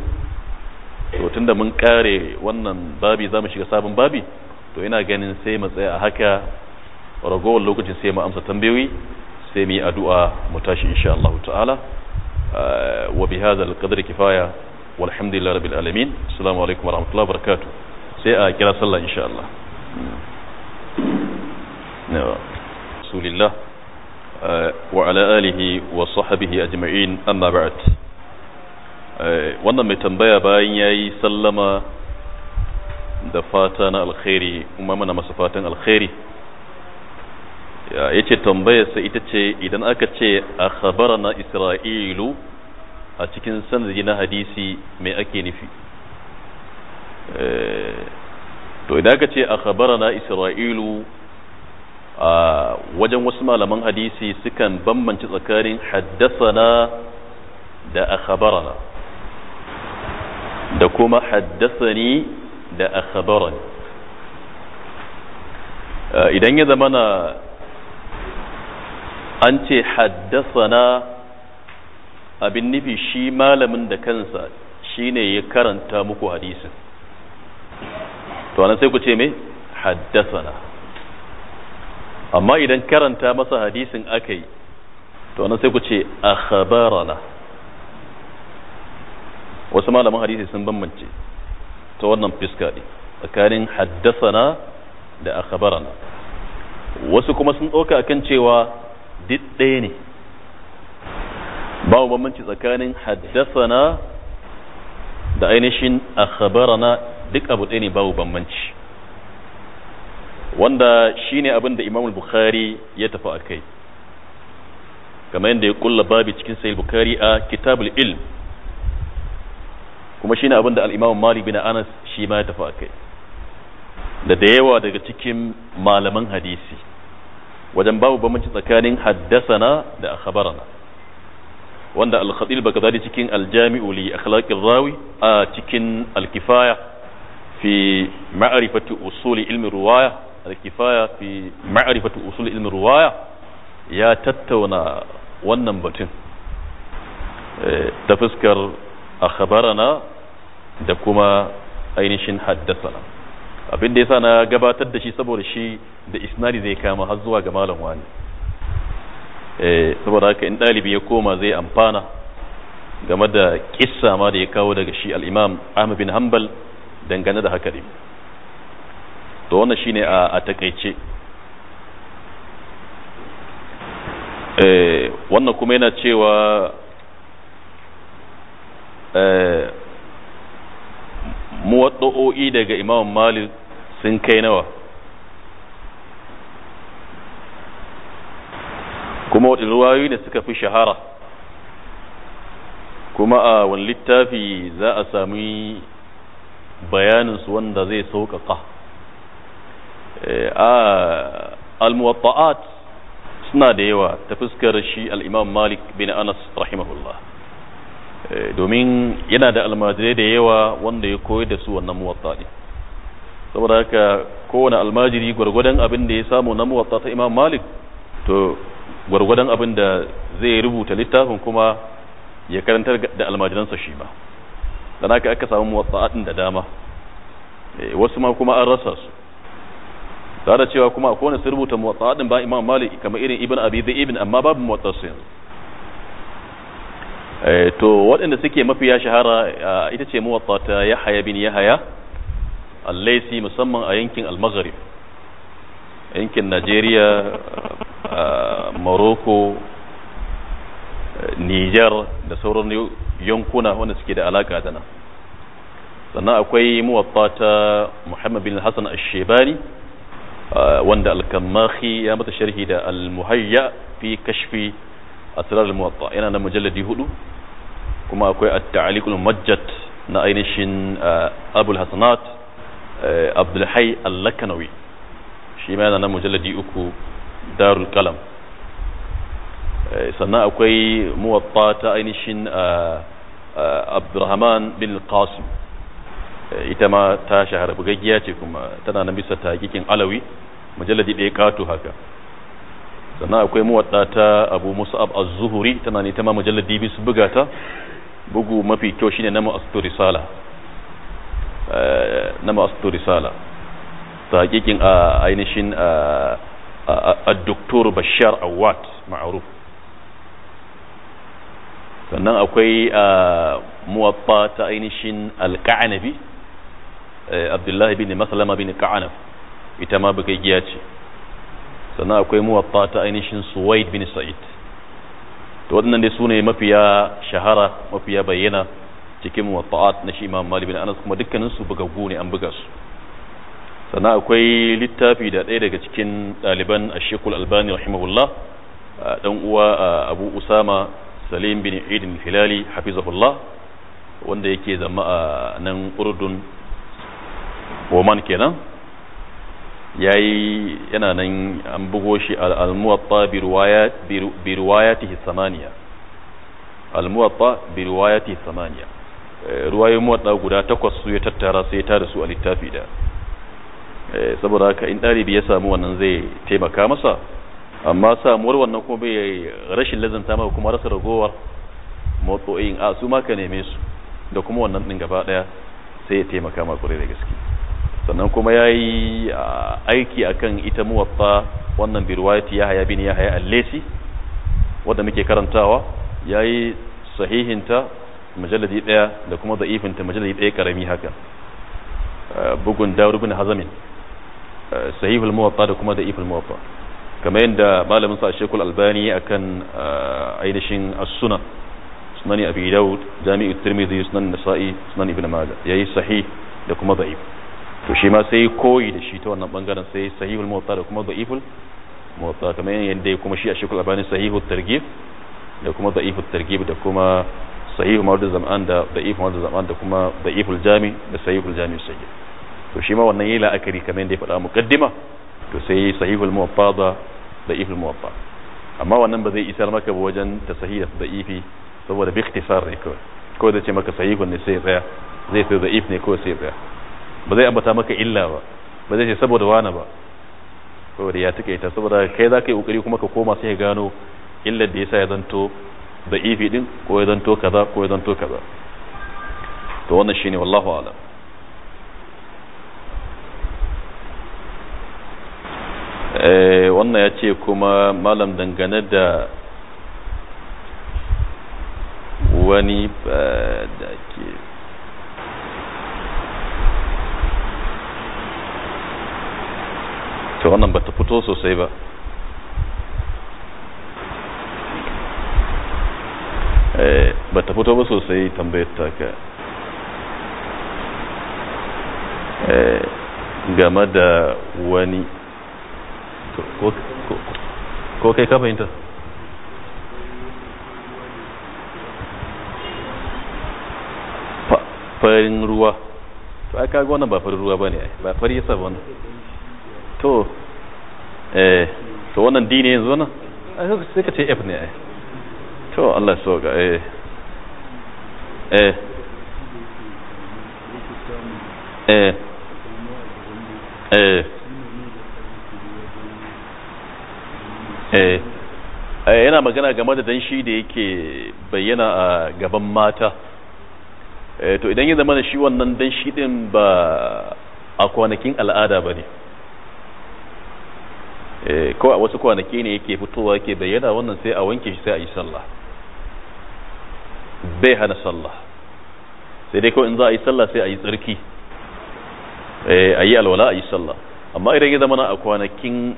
to tunda mun kare wannan babi za mu shiga sabon babi to ina ganin sai mu tsaya a haka ragowar lokacin sai mu amsa tambayoyi sai mu yi addu'a mu tashi insha Allah ta'ala eh, wa bi hadha al-qadri kifaya walhamdulillahi rabbil alamin assalamu alaikum wa rahmatullahi wa barakatuh sai a kira sallah insha Allah rasulillah eh, wa ala alihi wa sahbihi ajma'in amma ba'd eh, wannan mai tambaya bayan yayi sallama da fata na alkhairi kuma mana masa fatan alkhairi ya ce tambayarsa ita ce idan aka ce a khabara na isra'ilu a cikin sanadi na hadisi mai ake nufi eh, to idan aka ce a khabara na isra'ilu a wajen wasu malaman hadisi sukan bambanci tsakanin haddasana da a khabarana da kuma haddasani da a khabara eh, idan ya zama na an ce haddasana abin nufi shi malamin da kansa shine ya karanta muku hadisin to sai ku ce me haddasana amma idan karanta masa hadisin aka yi to sai ku ce akhbarana wasu malaman hadisi sun bambance ta wannan fiska ne tsakanin haddasana da akhbarana wasu kuma sun ɗauka akan cewa duk ɗaya ne babu bambanci tsakanin haddasana da ainihin akhbarana duk abu ɗaya ne babu bambanci wanda shine abin da Imam Bukhari ya tafi a kai kamar yadda ya kulla babi cikin Sayyid Bukhari a Kitabul Ilm kuma shine abin da al-Imam Malik bin Anas shi ma ya tafi a kai da da yawa daga cikin malaman hadisi wajen babu bambanci tsakanin haddasana da akhbarana wanda al baka bagdadi cikin al-jami'u li akhlaqir rawi a cikin al-kifaya fi ma'rifati usul ilmi ruwaya al-kifaya fi ma'rifati usul ilmi ruwaya ya tattauna wannan batun eh, ta fuskar akhbarana da kuma ainihin haddasana abin da ya sa na gabatar da shi saboda shi da isnadi zai kama har zuwa ga malam wani eh, saboda haka in ɗalibi ya koma zai amfana game da kissa ma da ya kawo daga shi al'imam Ahmad bin Hambal dangane da haka ne to wannan ne a takaice eh, wannan kuma yana cewa eh, muwaddo'o'i daga imam malik sun kai nawa kuma waɗin ruwayoyi da suka fi shahara kuma a wani littafi za a sami bayaninsu wanda zai sauƙaƙa eh, a almuwatta'at suna da yawa ta fuskar shi al'imam malik bin anas rahimahullah Eh, domin yana da almajirai da yawa wanda ya koyar da su wannan muwatta ne saboda haka kowane almajiri gwargwadon abin da ya samu na muwatta ta imam malik to gwargwadon abin da zai rubuta littafin kuma ya karantar da almajiransa shi ma don haka aka samu din da dama eh, wasu ma kuma an rasa su tare da cewa kuma akwai wani sun rubuta din ba imam malik kamar irin ibn abi ibn amma babu muwatta su yanzu Eh, to waɗanda suke mafiya shahara eh, ita ce muwatta ta yahaya bin yahaya allaisi musamman a yankin almagharib yankin najeriya eh, Maroko niger da sauran yankuna wanda suke da alaka da nan sannan akwai muwatta ta muhammad bin hassan ashebani wanda alkamahi ya mata sharhi da almuhayya fi kashfi أسرار الموطأ هنا أنا مجلد يهدو كما أكوي التعليق المجد نأينشين آه، أبو الحسنات آه، عبد الحي اللكنوي شيمان أنا مجلد يؤكو دار الكلام آه، سنة أكوي موطا تأينشين عبد الرحمن بن القاسم إتما تاشهر بغيياتكم تنا نبي ستاكيكين علوي مجلد إيقاتو هكا sana akwai muwadda ta abu musab az-zuhuri tana ne ta ma mujallar dibi su buga ta bugu mafi kyau shine na ma'astu risala eh, na ma'astu risala ta hakikin a ainihin a doktor bashar awad ma'aruf sannan akwai muwatta ta ainihin alka'anabi eh, abdullahi bin Maslama bin ka'anaf ita ma bugaggiya ce sannan akwai muwatta ta ainihin suwaid bin sa'id to waɗannan dai sune mafiya shahara mafiya bayyana cikin muwatta'at na shi imam malik bin anas kuma dukkanin su buga ne an buga su sannan akwai littafi da ɗaya daga cikin ɗaliban a ashekul albani rahimahullah dan uwa abu usama salim bin idin hilali hafizahullah wanda yake zama a nan urdun oman kenan yayi yana nan an bugo shi al-muwatta bi riwayat samaniya al-muwatta bi riwayatihi samaniya eh, ruwaye muwatta guda takwas su ya tattara sai ta da su a littafi da eh, saboda haka in ɗalibi ya samu wannan zai taimaka masa amma samuwar wannan kuma bai rashin lazanta maka kuma rasa ragowar motsoyin a su ma ka neme su da kuma wannan ɗin gaba ɗaya sai ya taimaka ma ƙwarai da gaske sannan kuma ya yi aiki a kan ita muwatta wannan birwati ya haya bin ya haya allesi wadda muke karantawa ya yi sahihinta majaladi ɗaya da kuma za'ifinta majaladi ɗaya ƙarami haka bugun rubin hazamin sahihul muwatta da kuma za'iful muwatta kamar yadda malamin sa shekul albani akan ainihin asuna sunani abi daud jami'ut tirmidhi sunan nasa'i sunan ibn majah yayi sahih da kuma za'if to shi ma sai koyi da shi ta wannan bangaren sai sahihul muwatta da kuma da'iful muwatta kamar yadda kuma shi a shekul albani sahihul targhib da kuma da'iful targhib da kuma sahihul mawdu zaman da da'iful mawdu zaman da kuma da'iful jami da sahihul jami sai to shi ma wannan yayi la'akari kamar yadda ya faɗa muqaddima to sai sahihul muwatta da da'iful muwatta amma wannan ba zai isar maka ba wajen da da'ifi saboda bi ikhtisar ne kawai ko da ce maka sahihun ne sai tsaya zai sai da'if ne kawai sai tsaya ba zai ambata maka illa ba ba zai ce saboda wani ba saboda ya ita saboda kai za ka yi kokari kuma ka koma sai ya gano illar da yasa ya zanto da ifi din ko ya zanto kaza ko ya zanto kaza to wannan shine wallahu a'lam eh, wannan ya ce kuma malam dangane da wani eh, da ke to wannan bata fito sosai ba bata fito ba sosai tambayar taka game da wani ko kai ka fahimta farin ruwa to aka ga wannan ba farin ruwa ba ne ba fari yasa ba wannan to eh to wannan dini yanzu nan sai ka ce f ne ai to Allah so ga eh, eh eh eh eh eh yana magana game da danshi da yake bayyana a gaban mata eh, to idan ya zama da shi wannan danshi din ba a kwanakin al'ada ba ne Eh, ko a wasu kwanaki ne yake fitowa yake bayyana wannan sai a wanke shi sai a yi sallah bai hana sallah sai dai ko in za a yi sallah sai a yi tsarki eh, a yi alwala a yi sallah amma idan ya zama na a kwanakin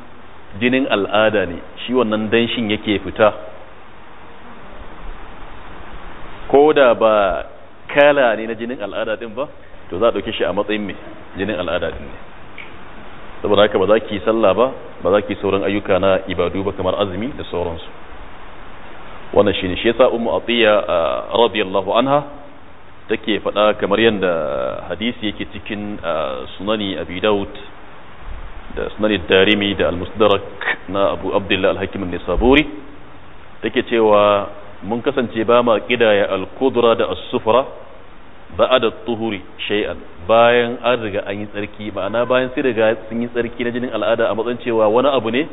jinin al'ada ne shi wannan danshin yake fita ko da ba kala ne na jinin al'ada din ba to za a ɗauke shi a matsayin mai jinin al'ada din ne saboda haka ba za ki sallah ba ba za ki sauran ayyuka na ibadu ba kamar azumi da sauransu wannan shine shi yasa ummu atiya radiyallahu anha take faɗa kamar yadda hadisi yake cikin sunani abi daud da sunani darimi da almusdarak na abu abdullah alhakim nisaburi take cewa mun kasance ba ma al alkudura da as-sufra da tuhuri shay'an bayan an riga an yi tsarki ma'ana bayan sai daga sun yi tsarki na jinin al'ada a matsayin cewa wani abu ne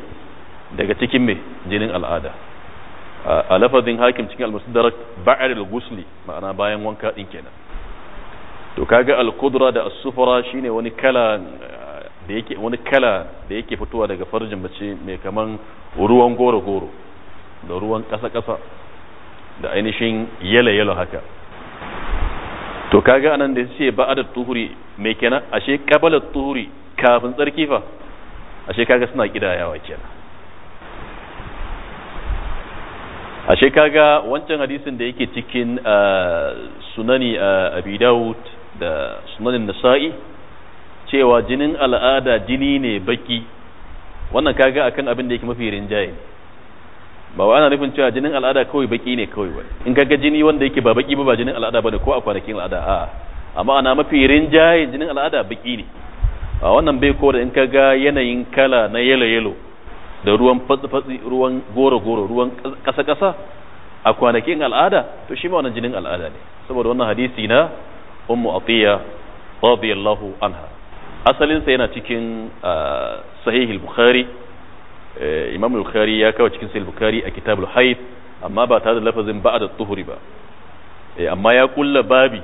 daga cikin me jinin al'ada a lafazin hakim cikin al-musdarak ba'ar al-gusli ma'ana bayan wanka din kenan to kaga al-qudra da as-sufra shine wani kala da yake wani kala da yake fitowa daga farjin mace mai kaman ruwan goro goro da ruwan kasa kasa da ainihin yala yala haka to kaga anan da ce ba'ada tuhuri mai kenan ashe qabala tuhuri kafin tsarki fa ashe kaga suna kidayawa kenan ashe kaga wancan hadisin da yake cikin ah, sunani ah, abi daud da sunanin Nisa'i cewa jinin al'ada jini ne baki wannan kaga akan abin da yake mafi rinjaye ba wa ana nufin cewa jinin al'ada kawai baki ne kawai ba in ga jini wanda yake ba baki ba ba jinin al'ada bane ko a kwanakin al'ada a amma ana mafi rinjaye jinin al'ada baki ne a wannan bai ko da in ka ga yanayin kala na yelo yelo da ruwan fatsi ruwan goro goro ruwan kasa kasa a kwanakin al'ada to shi ma wannan jinin al'ada ne saboda wannan hadisi na ummu atiya radiyallahu anha Asalinsa yana cikin sahihul bukhari Eh, imam al-bukhari ya kawo cikin sahih bukhari a kitabul hayd amma ba ta da lafazin ba'da tuhuri ba eh, amma ya kulla babi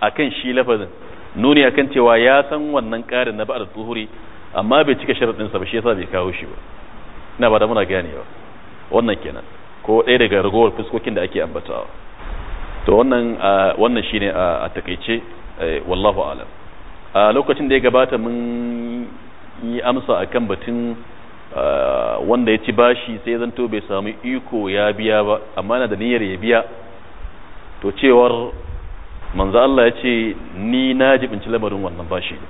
akan shi lafazin nuni akan cewa ya san wannan karin na ba'da tuhuri amma bai cika sharadin sa ba shi yasa bai kawo shi ba ina ba da muna ba. wannan kenan ko ɗaya daga ragowar fuskokin da ake ambatawa to wannan wannan shine a takaice eh, wallahu alam a lokacin da ya gabata mun yi amsa akan batun Eh, wanda ya ci bashi sai zanto bai samu iko ya biya ba amma na da niyyar ya biya to cewar manzo Allah ya ce ni na jibinci lamarin wannan bashi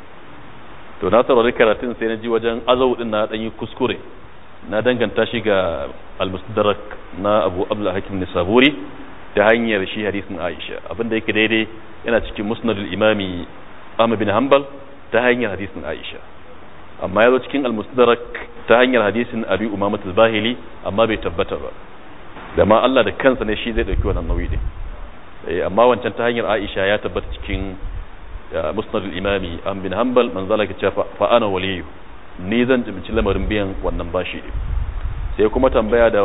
to na saurari karatun sai na ji wajen azau din na dan yi kuskure na danganta shi ga al-mustadrak na Abu Abdul Hakim Nisaburi ta hanyar shi hadisin Aisha abinda yake daidai yana cikin musnadul imami Ahmad bin Hanbal ta hanyar hadisin Aisha amma ya zo cikin almustadrak ta hanyar hadisin abi umama zahili amma bai tabbata ba da ma Allah da kansa ne shi zai dauki wannan nauyi din eh, amma wancan ta hanyar Aisha ya tabbata cikin musnad al-imami an bin hanbal man zalaka ce fa ana waliyu ni zan jibinci lamarin biyan wannan bashi din sai kuma tambaya da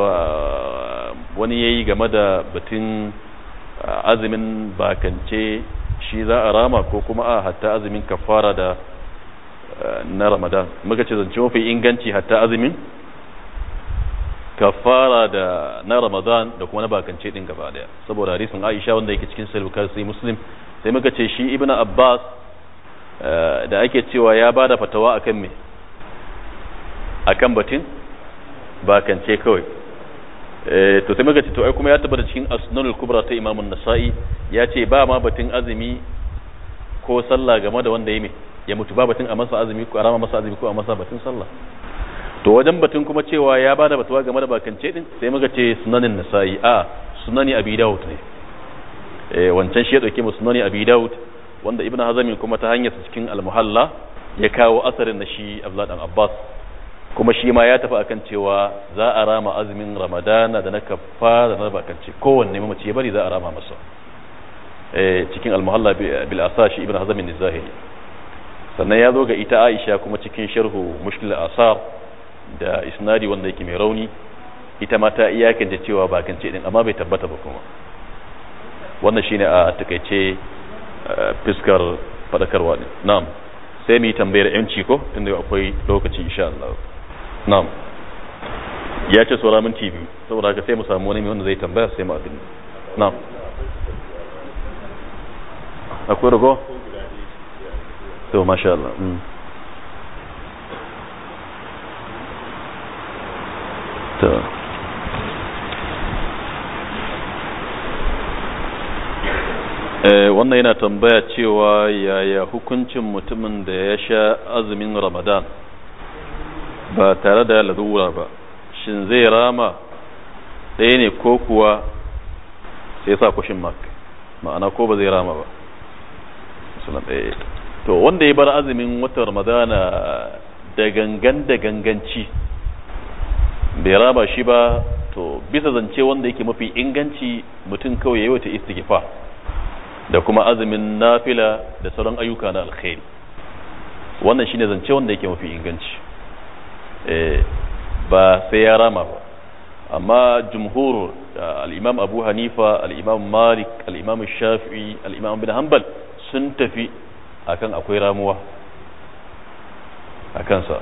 wani yayi game da batun azumin bakance shi za a rama ko kuma a hatta azumin kafara da na ramadan muka ce zance mafi inganci hatta azumin kafara da na ramadan da kuma na bakance din gaba daya saboda hadisin aisha wanda yake cikin sahih bukhari muslim sai muka ce shi ibnu abbas eh, da ake cewa ya bada fatawa akan me akan batin bakance kawai eh, to sai muka ce to ai kuma ya tabbata cikin asnanul kubra ta imamun nasa'i ya ce ba ma batun azumi ko sallah game da wanda ya mai. ya mutu ba batun a masa azumi ko arama masa azumi ko a masa batun sallah to wajen batun kuma cewa ya bada batuwa game da bakance din sai muka ce sunanin nasa'i a sunani abi daud ne eh wancan shi ya dauke mu sunani abi daud wanda ibnu hazami kuma ta hanyar cikin al-muhalla ya kawo asarin na shi abdullah dan abbas kuma shi ma ya tafi akan cewa za a rama azumin ramadana da na kafa da na bakance kowanne mamaci ya bari za a rama masa eh, cikin almuhalla bil asashi ibnu hazm ne zahiri sannan ya zo ga ita aisha kuma cikin sharhu mushkil asar da isnadi wanda yake mai rauni ita ma ta iyakance cewa ba kan ce din amma bai tabbata ba kuma wannan shine a takaice eh, fiskar fadakarwa ne na'am sai mu yi tambayar yanci ko inda akwai lokaci insha Allah na'am ya ce saura min tv saboda haka sai mu samu wani wanda zai tambaya sai mu abin na'am akwai rago to masha Allah mm. to eh, wannan yana tambaya cewa yaya hukuncin mutumin da ya sha azumin ramadan ba tare da lalura ba shin zai rama ɗaya ne ko kuwa sai sa kushin mak ma'ana ko ba zai rama ba sunan ɗaya to wanda ya bar azumin watan ramadana da gangan da ganganci bai raba shi ba to bisa zance wanda yake mafi inganci mutum kawai yayi wata istighfar da kuma azumin nafila da sauran ayyuka na alkhairi wannan shine zance wanda yake mafi inganci eh, ba sai ya rama ba amma jumhur al-imam abu hanifa al-imam malik al-imam shafi'i al-imam bin hanbal sun tafi akan akwai ramuwa a kansa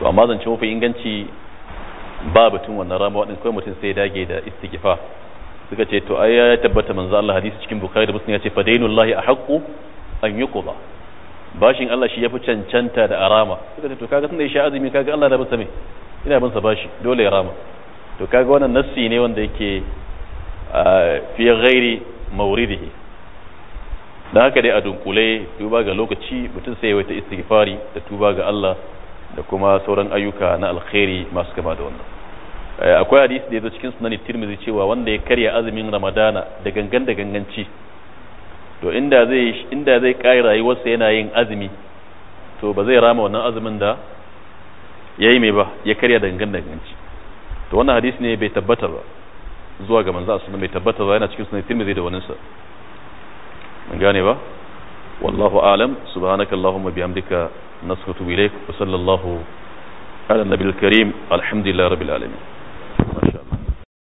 to amma zance mafi inganci ba batun wannan ramuwa din kawai mutum sai dage da istighfar suka ce to ai ya tabbata manzo Allah hadisi cikin bukhari da muslim ya ce a ahqqu an yuqda bashin Allah shi yafi cancanta da arama suka ce to kaga tunda ya sha azumi kaga Allah da basa me ina bin sa bashi dole ya rama to kaga wannan nassi ne wanda yake ah, fi ghairi mawridihi da haka dai a dunkule duba ga lokaci mutum sai ya wata istighfari da tuba ga Allah da kuma sauran ayyuka na alkhairi masu gaba da wannan eh, akwai hadisi da yazo cikin sunan Tirmidhi cewa wanda ya karya azumin ramadana da gangan da ganganci to inda zai inda zai kai rayuwarsa yana yin azumi to ba zai rama wannan azumin da yayi mai ba ya karya da gangan da ganganci to wannan hadisi ne bai tabbata ba zuwa ga manzo sallallahu alaihi bai tabbata ba yana cikin sunan Tirmidhi da wannan sa من جانبه والله أعلم سبحانك اللهم بحمدك نسكت إليك وصلى الله على النبي الكريم الحمد لله رب العالمين